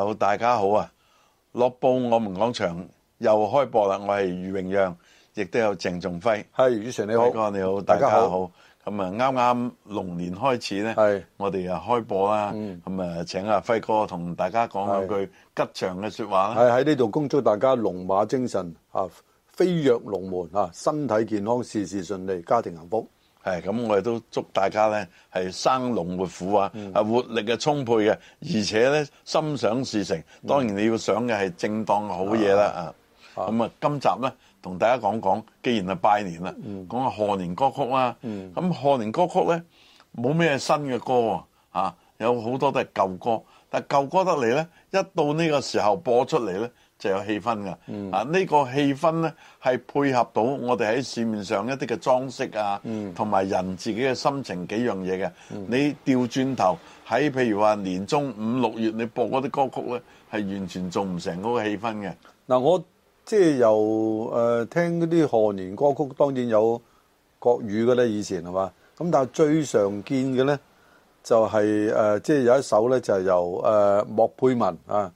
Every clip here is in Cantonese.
好，大家好啊！《樂報我們講場》又開播啦。我係余榮讓，亦都有鄭仲輝。係余主持，你好輝哥，你好，大家好。咁啊，啱啱龍年開始咧，是我哋啊開播啦。咁啊、嗯，請阿輝哥同大家講兩句吉祥嘅說話啦。係喺呢度恭祝大家龍馬精神啊，飛躍龍門啊，身體健康，事事順利，家庭幸福。咁，哎、我哋都祝大家咧，係生龍活虎啊，啊、嗯、活力嘅充沛嘅，而且咧心想事成。嗯、當然你要想嘅係正當嘅好嘢啦啊。咁啊，今集咧同大家講講，既然係拜年啦，講下賀年歌曲啦。咁賀、嗯、年歌曲咧冇咩新嘅歌啊，啊有好多都係舊歌，但係舊歌得嚟咧，一到呢個時候播出嚟咧，就有氣氛㗎、嗯，啊呢、呢個氣氛呢，係配合到我哋喺市面上一啲嘅裝飾啊，同埋、嗯、人自己嘅心情幾樣嘢嘅。嗯、你調轉頭喺譬如話年中五六月，你播嗰啲歌曲呢，係完全做唔成嗰個氣氛嘅。嗱、嗯，我即係、就係、由誒、呃、聽嗰啲賀年歌曲，當然有國語嘅啦，以前係嘛？咁但係最常見嘅呢，就係誒即係有一首呢，就係由誒莫佩文啊。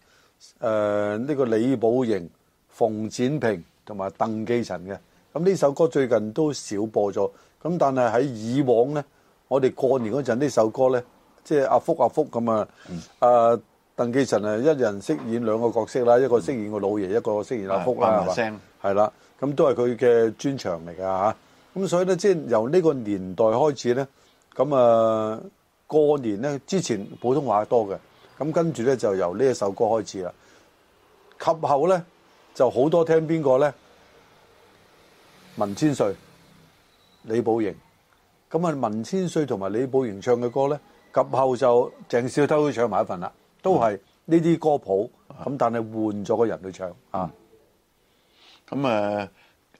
誒呢個李寶瑩、馮展平同埋鄧寄塵嘅，咁呢首歌最近都少播咗，咁但係喺以往咧，我哋過年嗰陣呢首歌咧，即係阿福阿福咁啊，啊鄧寄塵啊一人飾演兩個角色啦，一個飾演個老爺，一個飾演阿福啦，係啦，咁都係佢嘅專長嚟㗎嚇，咁所以咧，即係由呢個年代開始咧，咁啊過年咧之前普通話多嘅。咁跟住咧就由呢一首歌開始啦。及後咧就好多聽邊個咧？文千歲、李寶瑩，咁啊文千歲同埋李寶瑩唱嘅歌咧，及後就鄭少秋都唱埋一份啦，都係呢啲歌譜，咁但係換咗個人去唱啊。咁啊，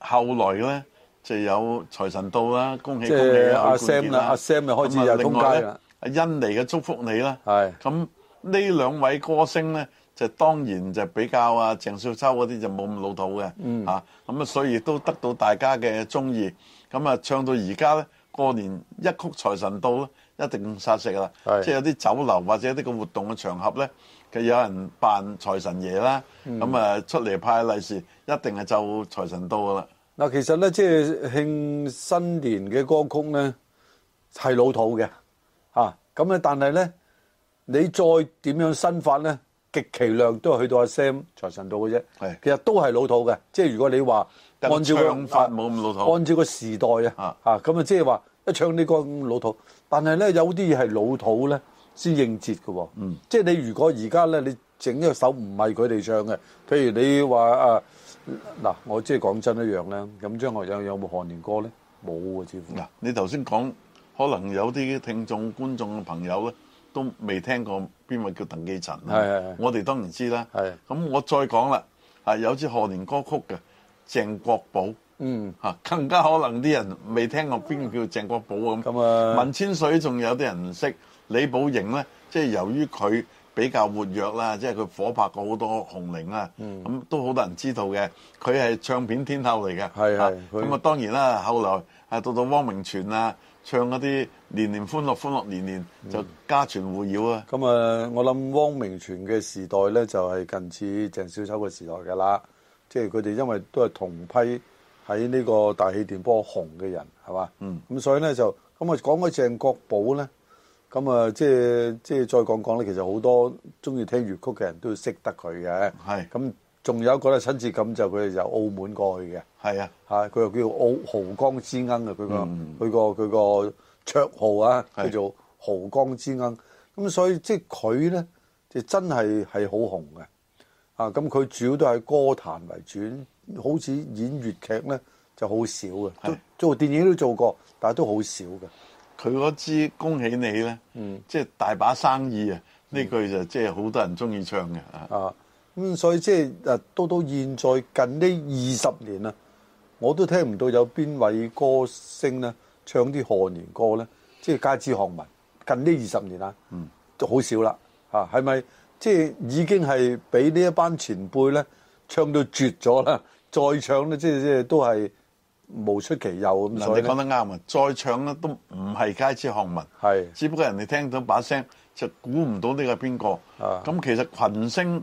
後來咧就有財神到啦，恭喜恭喜啊！阿 Sam 啦，阿 Sam 就開始又出街啦。阿恩尼嘅祝福你啦，係咁。呢兩位歌星呢，就當然就比較啊鄭少秋嗰啲就冇咁老土嘅，啊咁，嗯，啊，所以都得到大家嘅中意。咁啊，唱到而家呢，過年一曲財神到，一定殺食啦。是。即係有啲酒樓或者呢個活動嘅場合呢，佢有人扮「財神爺」啦，咁，嗯，啊出嚟派利是，一定係就「財神到」噶啦。嗱，其實呢，即係慶新年嘅歌曲呢，係老土嘅，咁啊，但係呢。你再點樣新法咧，極其量都係去到阿 Sam 財神到嘅啫。係，其實都係老土嘅。即係如果你話按照但唱法冇咁老土、啊，按照個時代啊嚇咁啊即係話一唱呢個咁老土。但係咧有啲嘢係老土咧先應節嘅喎、啊。嗯，即係你如果而家咧你整一首唔係佢哋唱嘅，譬如你話啊嗱，我即係講真一樣咧。咁張學友有冇賀年歌咧？冇嘅似乎。嗱、啊，你頭先講可能有啲聽眾、觀眾嘅朋友咧。都未聽過邊位叫鄧寄塵，係我哋當然知啦。咁我再講啦，啊，有支賀年歌曲嘅鄭國寶，嗯，吓更加可能啲人未聽過邊個叫鄭國寶咁。咁啊，文千水仲有啲人唔識，李寶瑩咧，即係由於佢比較活躍啦，即係佢火拍過好多紅伶啦，咁都好多人知道嘅。佢係唱片天后嚟嘅，咁啊係係當然啦，後來啊，到到汪明荃啊。唱一啲年年歡樂歡樂年年就家傳戶曉啊！咁啊，我諗汪明荃嘅時代咧就係近似鄭少秋嘅時代㗎啦。即係佢哋因為都係同批喺呢個大氣電波紅嘅人，係嘛？嗯。咁所以咧就咁啊，講開鄭國寶咧，咁啊，即係即係再講講咧，其實好多中意聽粵曲嘅人都要識得佢嘅。咁。仲有一個咧親切感就佢由澳門過去嘅，係啊嚇，佢又、啊、叫澳濠江之鶯嘅佢個佢個佢個綽號啊，是叫做濠江之鶯。咁所以即係佢咧就真係係好紅嘅啊！咁佢主要都係歌壇為主，好似演粵劇咧就好少嘅，是做電影都做過，但係都好少嘅。佢嗰支恭喜你咧，嗯，即係大把生意啊！呢句就即係好多人中意唱嘅啊。咁、嗯、所以即係到到現在近呢二十年啦、啊，我都聽唔到有邊位歌星咧唱啲賀年歌咧，即係街知巷聞。近呢二十年啊，嗯，都好少啦嚇，係咪即係已經係俾呢一班前輩咧唱到絕咗啦？再唱咧，即係即係都係無出其右咁。你講得啱啊！再唱咧都唔係街知巷聞，係是只不過人哋聽到把聲就估唔到呢個係邊個。咁、啊、其實群星。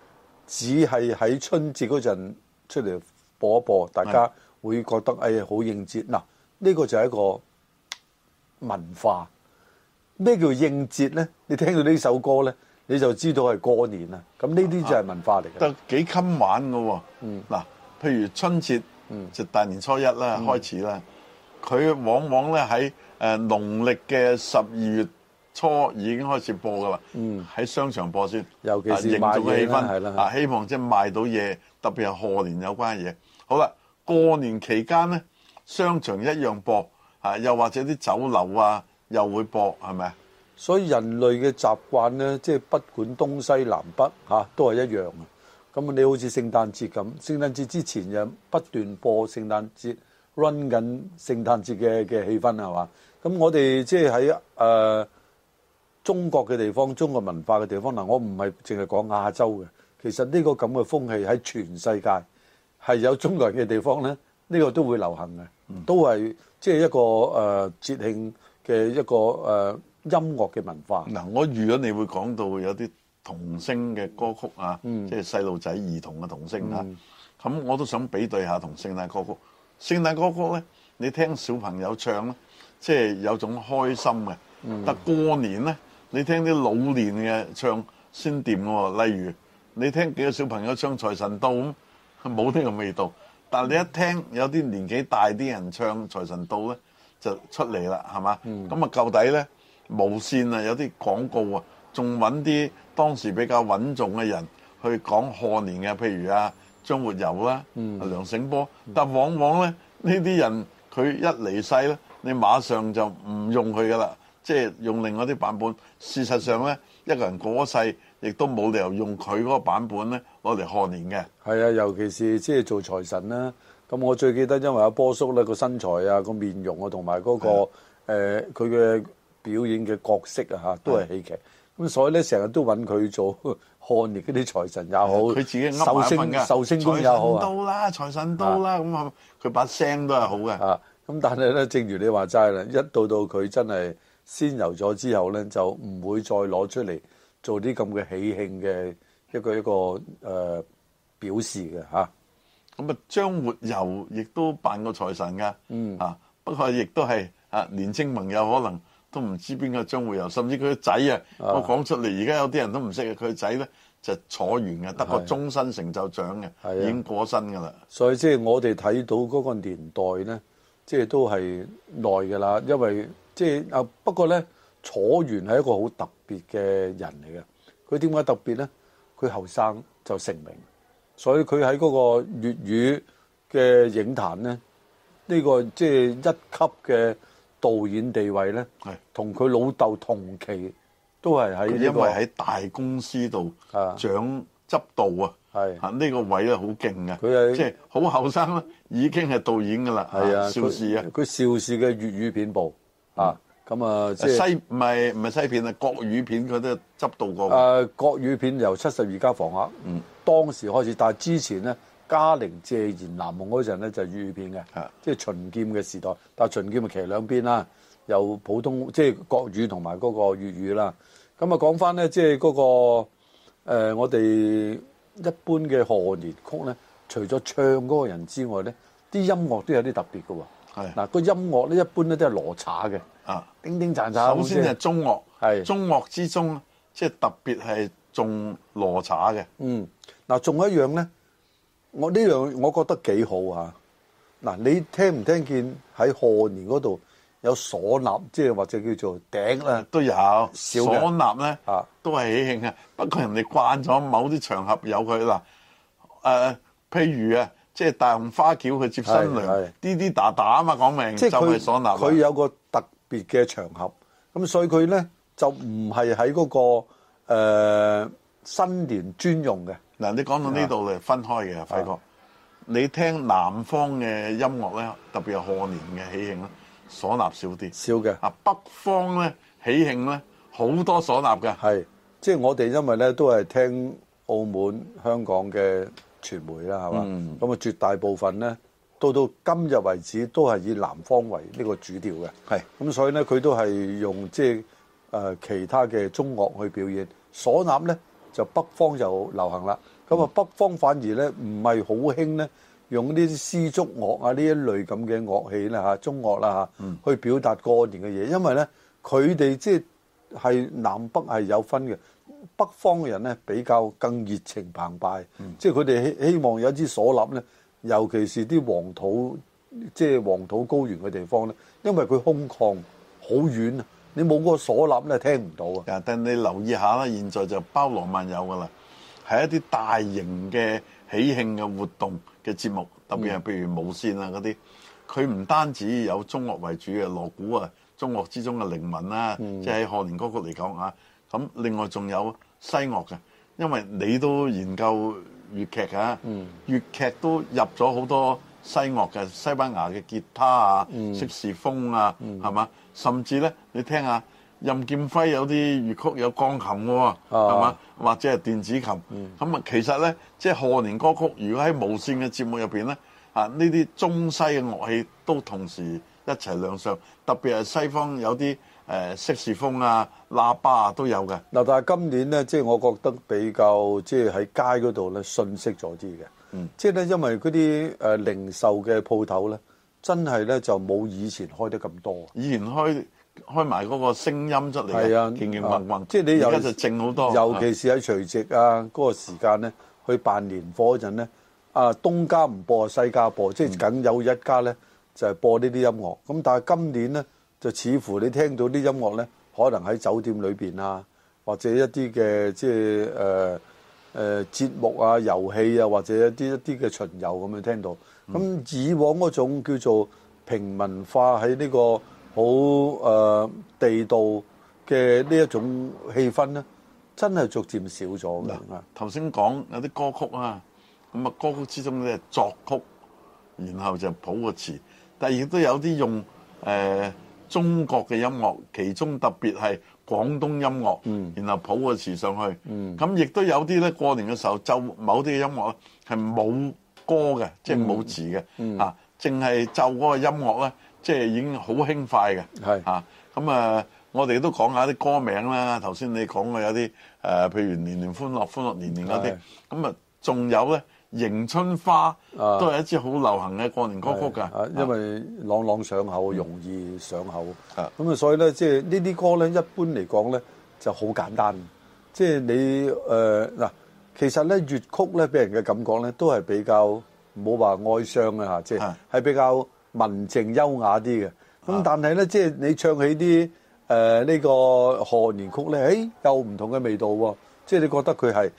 只係喺春節嗰陣出嚟播一播，大家會覺得呀好的、哎、應節。嗱，呢、呢個就係一個文化。咩叫應節咧？你聽到呢首歌咧，你就知道係過年啦。咁呢啲就係文化嚟嘅。得幾襟玩噶喎、啊？嗱、嗯，譬如春節、嗯、就大年初一啦，開始啦。佢、嗯、往往咧喺誒農曆嘅十二月。初已經開始播噶啦，喺商場播先、嗯，尤其是賣嘢嘅氣氛係啦。啊，希望即係賣到嘢，特別係賀年有關嘅嘢。好啦，過年期間咧，商場一樣播啊，又或者啲酒樓啊又會播係咪？所以人類嘅習慣咧，即係不管東西南北，啊，都係一樣啊。咁你好似聖誕節咁，聖誕節之前又不斷播聖誕節 run 緊聖誕節嘅嘅氣氛係嘛？咁我哋即係喺誒。呃中國嘅地方、中國文化嘅地方嗱，我唔係淨係講亞洲嘅，其實呢個咁嘅風氣喺全世界係有中國人嘅地方咧，呢個都會流行嘅，都係即係一個誒節慶嘅一個誒音樂嘅文化。嗱，我預咗你會講到有啲童聲嘅歌曲啊，即係細路仔、兒童嘅童聲啊，咁我都想比對下同聖誕歌曲，聖誕歌曲咧，你聽小朋友唱咧，即係有種開心嘅，但過年咧。你聽啲老年嘅唱先掂喎，例如你聽幾個小朋友唱財神到咁，冇呢個味道。但係你一聽有啲年紀大啲人唱財神到呢，就出嚟啦，係嘛？咁啊，到底呢？無線啊，有啲廣告啊，仲揾啲當時比較穩重嘅人去講賀年嘅，譬如啊張活游啦、啊，嗯、梁醒波。但往往呢，呢啲人佢一離世呢，你馬上就唔用佢噶啦。即係用另外啲版本，事實上咧，一個人過世，亦都冇理由用佢嗰個版本咧，攞嚟賀年嘅。係啊，尤其是即係做財神啦、啊。咁我最記得，因為阿波叔咧、個身材啊、個面容啊，同埋嗰個佢嘅、啊呃、表演嘅角色啊都係戲劇。咁、啊、所以咧，成日都揾佢做呵呵賀年嗰啲財神也好，佢、啊、壽星壽星公也好啊。都啦，財神都啦，咁啊，佢把聲都係好嘅。咁、啊、但係咧，正如你話齋啦，一到到佢真係。先游咗之後咧，就唔會再攞出嚟做啲咁嘅喜慶嘅一個一個誒、呃、表示嘅嚇。咁啊、嗯，張活游亦都扮個財神噶，啊不過亦都係啊年青朋友可能都唔知邊個張活游，甚至佢個仔啊，我講出嚟而家有啲人都唔識啊。佢個仔咧就坐完嘅，得個終身成就獎嘅，啊啊、已經過身㗎啦。所以即係我哋睇到嗰個年代咧，即係都係耐㗎啦，因為。即係啊！不過咧，楚原係一個好特別嘅人嚟嘅。佢點解特別咧？佢後生就成名，所以佢喺嗰個粵語嘅影壇咧，呢、這個即係、就是、一級嘅導演地位咧，同佢老豆同期都係喺、這個、因為喺大公司度、啊、掌執導啊，係啊，呢、啊這個位啊好勁啊，佢係即係好後生啊，已經係導演噶啦，邵氏啊，佢邵氏嘅粵語片部。嗯、啊，咁啊，即係西唔係唔係西片啊，國語片佢都執到過。誒，國語片由七十二家房客，嗯，當時開始，但係之前咧，嘉玲謝賢南夢嗰陣咧就粵語片嘅，即係秦劍嘅時代。但係秦劍啊，騎兩邊啦，有普通即係國語同埋嗰個粵語啦。咁啊，講翻咧，即係嗰個誒，我哋一般嘅賀年曲咧，除咗唱嗰個人之外咧，啲音樂都有啲特別嘅啊。係嗱，是個音樂咧，一般咧都係鑼鑔嘅啊，叮叮喳喳，首先係中樂，係中樂之中，即係特別係中鑼鑔嘅。嗯，嗱，仲有一樣咧，我呢樣我覺得幾好啊。嗱，你聽唔聽見喺賀年嗰度有嗩吶，即係或者叫做頂啊都有。嗩吶咧啊，都係喜慶啊。不過的人哋慣咗某啲場合有佢啦。誒、呃，譬如啊。即係大紅花轎去接新娘，啲啲打打啊嘛，講明係就係嗩吶。即佢有個特別嘅場合，咁所以佢咧就唔係喺嗰個、呃、新年專用嘅。嗱，你講到呢度嚟分開嘅，輝哥，你聽南方嘅音樂咧，特別係賀年嘅喜慶啦，嗩吶少啲。少嘅啊，北方咧喜慶咧好多嗩吶嘅。係，即係我哋因為咧都係聽澳門、香港嘅。傳媒啦，係嘛？咁啊、嗯，絕大部分呢，到到今日為止都係以南方為呢個主調嘅。係咁，所以呢，佢都係用即係誒其他嘅中樂去表演。嗩吶呢，就北方就流行啦。咁啊，北方反而呢，唔係好興呢，用啲絲竹樂啊呢一類咁嘅樂器啦嚇、啊，中樂啦、啊、嚇，啊嗯、去表達過年嘅嘢。因為呢，佢哋即係係南北係有分嘅。北方嘅人咧比較更熱情澎湃，嗯、即係佢哋希希望有一支嗩呐咧，尤其是啲黃土，即係黃土高原嘅地方咧，因為佢空曠，好遠啊，你冇嗰個嗩呐咧，聽唔到啊！但你留意一下啦，現在就包羅萬有噶啦，係一啲大型嘅喜慶嘅活動嘅節目，特別係譬如舞獅啊嗰啲，佢唔、嗯、單止有中樂為主嘅鑼鼓啊。中樂之中嘅靈魂啦，嗯、即係賀年歌曲嚟講啊。咁另外仲有西樂嘅，因為你都研究粵劇嘅、啊，嗯、粵劇都入咗好多西樂嘅，西班牙嘅吉他啊，色士、嗯、風啊，係嘛、嗯？甚至咧，你聽下任劍輝有啲粵曲有鋼琴喎、啊，係嘛、啊？或者係電子琴，咁啊、嗯，其實咧，即係賀年歌曲，如果喺無線嘅節目入邊咧，啊，呢啲中西嘅樂器都同時，一齊亮相，特別係西方有啲誒色士風啊、喇叭啊都有嘅。嗱，但係今年咧，即、就、係、是、我覺得比較即係喺街嗰度咧，瞬息咗啲嘅。嗯，即係咧，因為嗰啲、呃、零售嘅鋪頭咧，真係咧就冇以前開得咁多。以前開開埋嗰個聲音出嚟，係啊，勁勁轟轟。即係、啊就是、你有就靜好多，尤其是喺除夕啊嗰、啊、個時間咧，去辦年貨嗰陣咧，啊東家唔播西家播，即係梗有一家咧。就係播呢啲音樂，咁但係今年呢，就似乎你聽到啲音樂呢，可能喺酒店裏面啊，或者一啲嘅即係誒誒節目啊、遊戲啊，或者一啲一啲嘅巡遊咁樣聽到。咁以往嗰種叫做平民化喺呢個好、呃、地道嘅呢一種氣氛呢，真係逐漸少咗。嗱是，頭先講有啲歌曲啊，咁啊歌曲之中呢，作曲，然後就譜個詞。但亦都有啲用、呃、中國嘅音樂，其中特別係廣東音樂，嗯、然後譜個詞上去。咁亦都有啲咧過年嘅時候奏某啲嘅音樂咧係冇歌嘅，即係冇字嘅啊，淨係奏嗰個音樂咧，即係已經好輕快嘅。啊，咁啊，我哋都講下啲歌名啦。頭先你講嘅有啲、呃、譬如年年歡樂歡樂年年嗰啲，咁啊是，仲、嗯、有咧。迎春花都係一支好流行嘅過年歌曲㗎，因為朗朗上口，容易上口。咁啊、嗯，所以咧，即係呢啲歌咧，一般嚟講咧就好簡單。即係的你誒嗱、呃，其實咧粵曲咧俾人嘅感覺咧都係比較唔好話哀傷嘅嚇，即係係比較文靜優雅啲嘅。咁的但係咧，即係你唱起啲誒呢個賀年曲咧，誒有唔同嘅味道喎。即係你覺得佢係。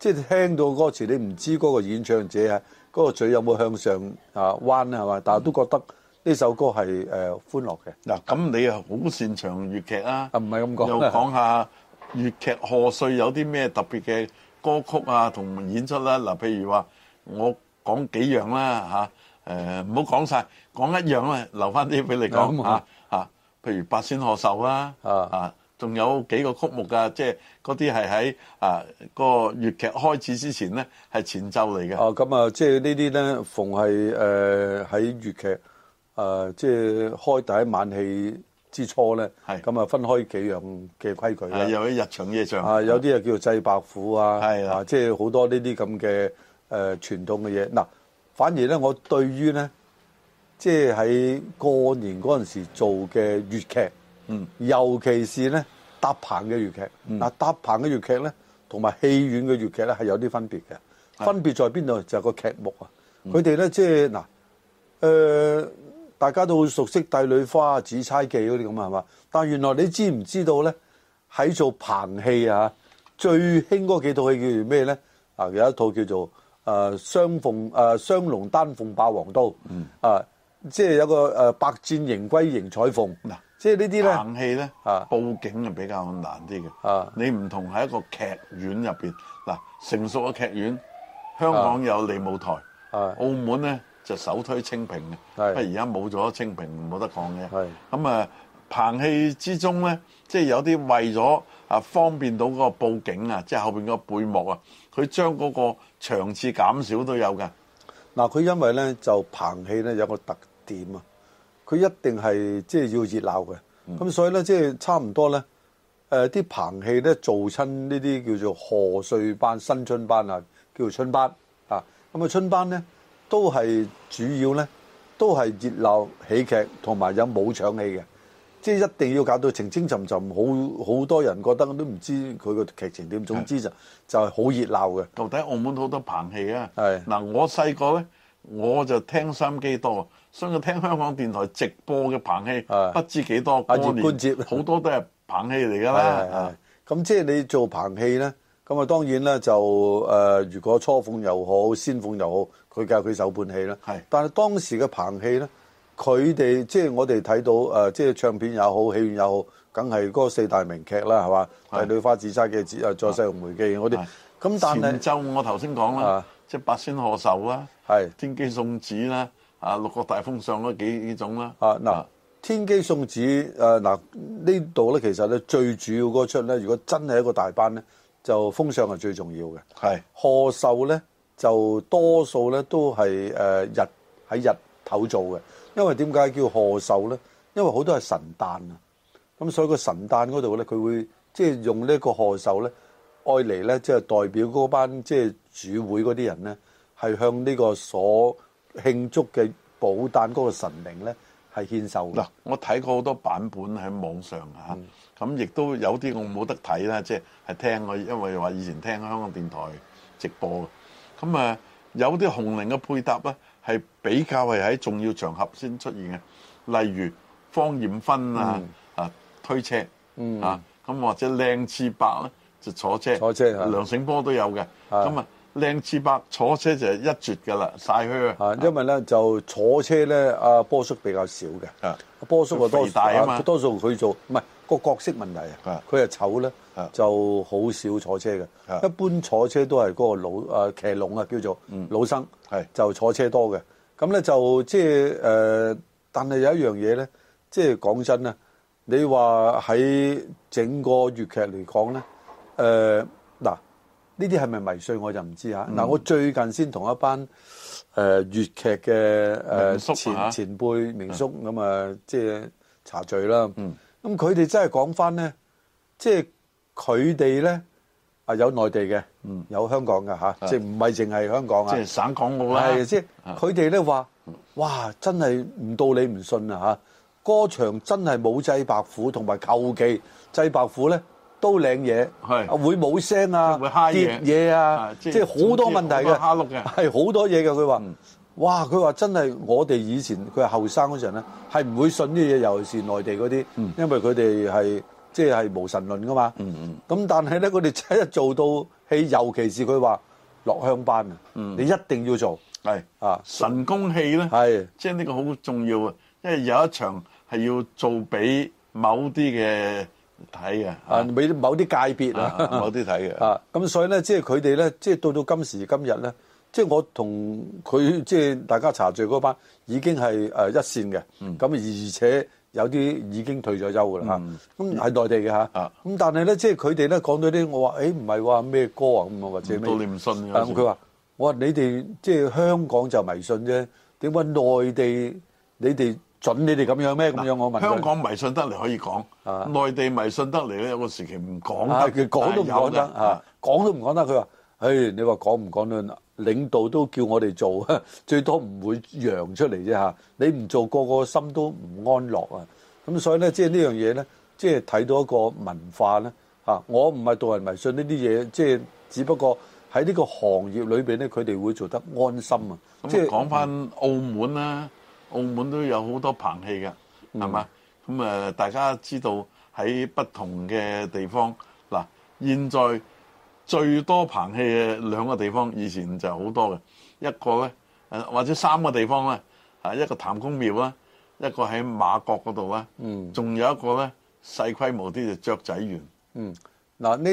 即係聽到歌詞，你唔知嗰個演唱者啊，嗰個嘴有冇向上啊彎咧係嘛？但係都覺得呢首歌係誒歡樂嘅、啊。嗱，咁你啊好擅長粵劇啊，啊唔係咁講，又講下粵劇賀歲有啲咩特別嘅歌曲啊同演出啦、啊。嗱，譬如話我講幾樣啦、啊、嚇，唔好講晒，講一樣啦、啊，留翻啲俾你講嚇嚇。譬如八仙賀壽啊啊。啊啊仲有幾個曲目噶、啊，即係嗰啲係喺啊、個粵劇開始之前咧，係前奏嚟嘅。哦，咁啊，嗯、即係呢啲咧，逢係誒喺粵劇誒、呃、即係開第一晚戲之初咧，係咁啊，分開幾樣嘅規矩咧。有啲日場夜場啊，有啲啊叫做祭白虎啊，係啊、呃，啊，即係好多呢啲咁嘅誒傳統嘅嘢。嗱，反而咧，我對於咧，即係喺過年嗰陣時做嘅粵劇。嗯、尤其是咧搭棚嘅粵劇，嗱、嗯、搭棚嘅粵劇咧，同埋戲院嘅粵劇咧，係有啲分別嘅。分別在邊度就係，個劇目啊。佢哋咧，即係嗱誒，大家都好熟悉《帝女花》紫那些《紫釵記》嗰啲咁啊，係嘛？但係原來你知唔知道咧？喺做棚戲啊，最興嗰幾套戲叫做咩咧？啊、呃，有一套叫做誒、呃、雙鳳誒、呃、雙龍丹鳳霸王刀，啊、嗯，即係有個誒百、呃、戰迎歸迎彩鳳嗱。嗯即係呢啲咧，棚戲呢，呢啊、佈景就比較難啲嘅。啊、你唔同喺一個劇院入邊，嗱、呃、成熟嘅劇院，香港有利舞台，啊、澳門咧、啊、就首推清平嘅。不而家冇咗清平，冇得講嘅。咁是啊，棚戲之中咧，即、就、係、是、有啲為咗啊方便到個佈景、就是、個警啊，即係後面個背幕啊，佢將嗰個場次減少都有㗎。嗱、啊，佢因為咧就棚戲咧有個特點啊。佢一定係即係要熱鬧嘅，咁所以咧，即係差唔多咧，誒、呃、啲棚戲咧做親呢啲叫做賀歲班、新春班啊，叫做春班啊。咁啊春班咧都係主要咧都係熱鬧喜劇，同埋有武場戲嘅，即係一定要搞到清清沉沉，好好多人覺得都唔知佢個劇情點。總之就就係好熱鬧嘅。到底澳門好多棚戲啊？嗱是、啊，我細個咧我就聽心機多。相信我聽香港電台直播嘅棚戲，不知幾多觀唸，好多都係棚戲嚟噶啦。咁即係你做棚戲咧，咁啊當然啦，就誒，如果初鳳又好，先鳳又好，佢教佢首本戲啦。但係當時嘅棚戲咧，佢哋即係我哋睇到誒，即係唱片又好，戲院又好，梗係嗰四大名劇啦，係嘛？《帝女花》、《紫釵記》、《誒再世紅梅記》，我哋前奏我頭先講啦，即係《八仙賀壽》啊，《天機送子》啦。國啊，六個大封相咯，幾幾種啦？啊嗱，天姬送子嗱呢度咧，其實咧最主要嗰出咧，如果真係一個大班咧，就封相係最重要嘅。係是賀壽咧，就多數咧都係、呃、日喺日頭做嘅，因為點解叫賀壽咧？因為好多係神誕啊，咁所以個神誕嗰度咧，佢會即係、就是、用個呢個賀壽咧，愛嚟咧，即、就、係、是、代表嗰班即係、就是、主會嗰啲人咧，係向呢個所。慶祝嘅寶誕嗰個神靈咧，係獻壽。嗱，我睇過好多版本喺網上嚇，咁亦都有啲我冇得睇啦，即係係聽我，因為話以前聽香港電台直播嘅。咁啊，有啲紅伶嘅配搭咧，係比較係喺重要場合先出現嘅，例如芳艷芬啊，啊、嗯、推車啊，咁、嗯、或者靚次伯咧就坐車，梁醒波都有嘅，咁啊。靚次伯坐車就係一絕，噶啦晒靴啊！因為咧就坐車咧，阿波叔比較少嘅。啊是，波叔啊多大啊？多數佢做唔係，嗰個角色問題啊。佢啊是醜咧，是就好少坐車嘅。是一般坐車都係嗰個老啊騎龍啊叫做老生，係，嗯、就坐車多嘅。咁咧就即係誒，但係有一樣嘢咧，即係講真啊，你話喺整個粵劇嚟講咧，誒，呃、嗱。呢啲係咪迷信我就唔知嚇。嗱、嗯，我最近先同一班誒、呃、粵劇嘅誒、呃啊、前前輩名宿咁啊，即係查罪啦。咁佢哋真係講翻咧，即係佢哋咧啊有內地嘅，有香港嘅吓，即係唔係淨係香港啊？即係省港澳啦。係啊。即係佢哋咧話，哇！真係唔到你唔信啊嚇。歌場真係冇祭白虎同埋求其祭白虎咧。都領嘢，會冇聲啊，跌嘢啊，即係好多問題嘅，係好多嘢嘅。佢話：，哇！佢話真係我哋以前佢後生嗰陣咧，係唔會信呢啲嘢，尤其是內地嗰啲，因為佢哋係即係無神論噶嘛。咁但係咧，佢哋一做到戲，尤其是佢話落鄉班啊，你一定要做，啊，神功戲咧，即係呢個好重要啊，因為有一場係要做俾某啲嘅。睇嘅啊，俾某啲界別啊，某啲睇嘅啊，咁所以咧，即係佢哋咧，即係到到今時今日咧，即係我同佢，即係大家茶聚嗰班已經係誒一線嘅，咁、嗯、而且有啲已經退咗休嘅啦嚇，咁係、嗯啊、內地嘅嚇，咁、啊啊、但係咧，即係佢哋咧講到啲，我話誒唔係話咩歌啊咁啊，或者咩，你唔信佢話我話你哋即係香港就迷信啫，點解內地你哋？准你哋咁樣咩？咁樣我問。香港迷信得嚟可以講，啊、內地迷信得嚟咧，有個時期唔講，講、啊、都唔講得。講、啊、都唔講得，佢、啊、話：，唉、啊哎，你話講唔講得？領導都叫我哋做，最多唔會揚出嚟啫、啊、你唔做，個個心都唔安樂啊。咁所以咧，即係呢樣嘢咧，即係睇到一個文化咧。嚇、啊，我唔係杜人迷信呢啲嘢，即係只不過喺呢個行業裏邊咧，佢哋會做得安心啊。咁講翻澳門啦。嗯。澳門都有好多棚戲嘅，係嘛？咁誒、嗯嗯，大家知道喺不同嘅地方，嗱，現在最多棚戲嘅兩個地方，以前就好多嘅，一個咧誒，或者三個地方咧，啊，一個潭公廟啦，一個喺媽閣嗰度啦，嗯，仲有一個咧細規模啲就雀仔園，嗯。嗱，呢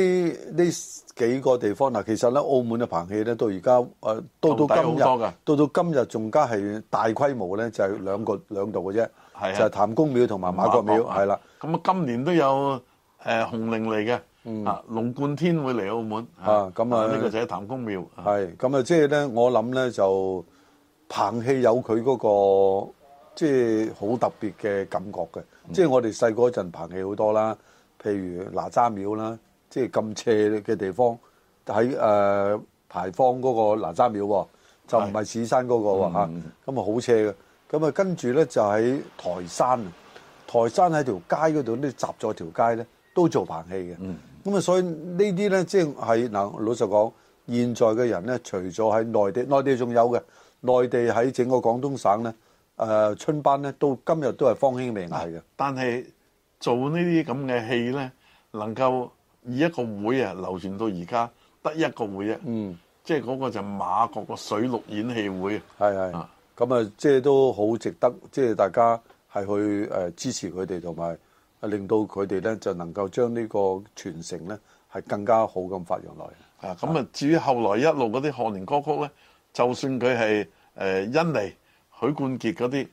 呢幾個地方嗱，其實咧澳門嘅棚戲咧到而家到到今日，到到今日仲加係大規模咧，就係兩個兩度嘅啫，就係譚公廟同埋媽閣廟，係啦。咁啊，今年都有誒紅伶嚟嘅，啊龍冠天會嚟澳門啊，咁啊呢個就係譚公廟。係咁啊，即係咧，我諗咧就棚戲有佢嗰個即係好特別嘅感覺嘅，即係我哋細個嗰陣棚戲好多啦，譬如哪吒廟啦。即係咁斜嘅地方，喺誒牌坊嗰個南山廟喎，就唔係市山嗰、嗰個喎咁的啊好斜嘅，咁啊跟住咧就喺台山，台山喺條街嗰度咧，集咗條街咧都做棚戲嘅，咁啊的所以呢啲咧即係嗱老實講，現在嘅人咧，除咗喺內地，內地仲有嘅，內地喺整個廣東省咧，誒、呃、春班咧到今日都係方興未艾嘅。但係做這這呢啲咁嘅戲咧，能夠。以一個會啊，流傳到而家得一個會啫，嗯，即係嗰個就係馬國個水陸演戲會，係係，咁啊，即係都好值得，即係大家係去誒支持佢哋，同埋令到佢哋咧就能夠將呢個傳承咧係更加好咁發揚落嚟。啊。咁啊，至於後來一路嗰啲賀年歌曲咧，就算佢係誒甄妮、許冠傑嗰啲。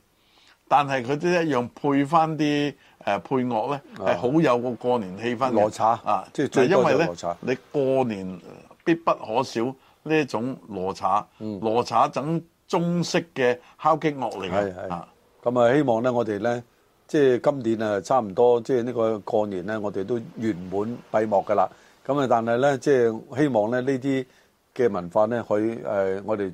但係佢都一樣配翻啲配樂咧，好有個過年氣氛。羅茶，啊，即係最多就係你過年必不可少、嗯、是是是呢一種羅茶。羅茶整中式嘅敲擊樂嚟嘅。咁、呃、啊，希望咧、呃，我哋咧，即係今年啊，差唔多即係呢個過年咧，我哋都圓滿閉幕噶啦。咁啊，但係咧，即係希望咧，呢啲嘅文化咧，可以我哋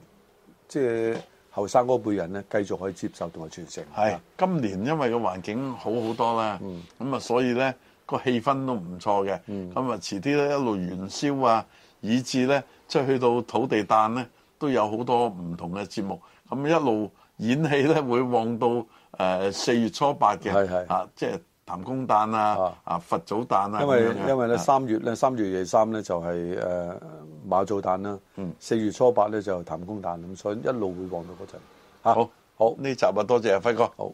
即係。後生嗰輩人咧，繼續可以接受同埋傳承，係。係今年因為個環境好好多啦，咁啊、嗯、所以咧個氣氛都唔錯嘅。咁啊、嗯、遲啲咧一路元宵啊，以至咧即係去到土地誕咧，都有好多唔同嘅節目。咁一路演戲咧會旺到誒四月初八嘅，係係啊，即係。就是譚公誕啊，啊佛祖誕啊，因為因為咧三、啊、月咧三月廿三咧就係誒馬祖誕啦，四、嗯、月初八咧就係譚公誕，咁所以一路會旺到嗰陣，吓、啊、好，好呢集啊多謝阿輝哥，好。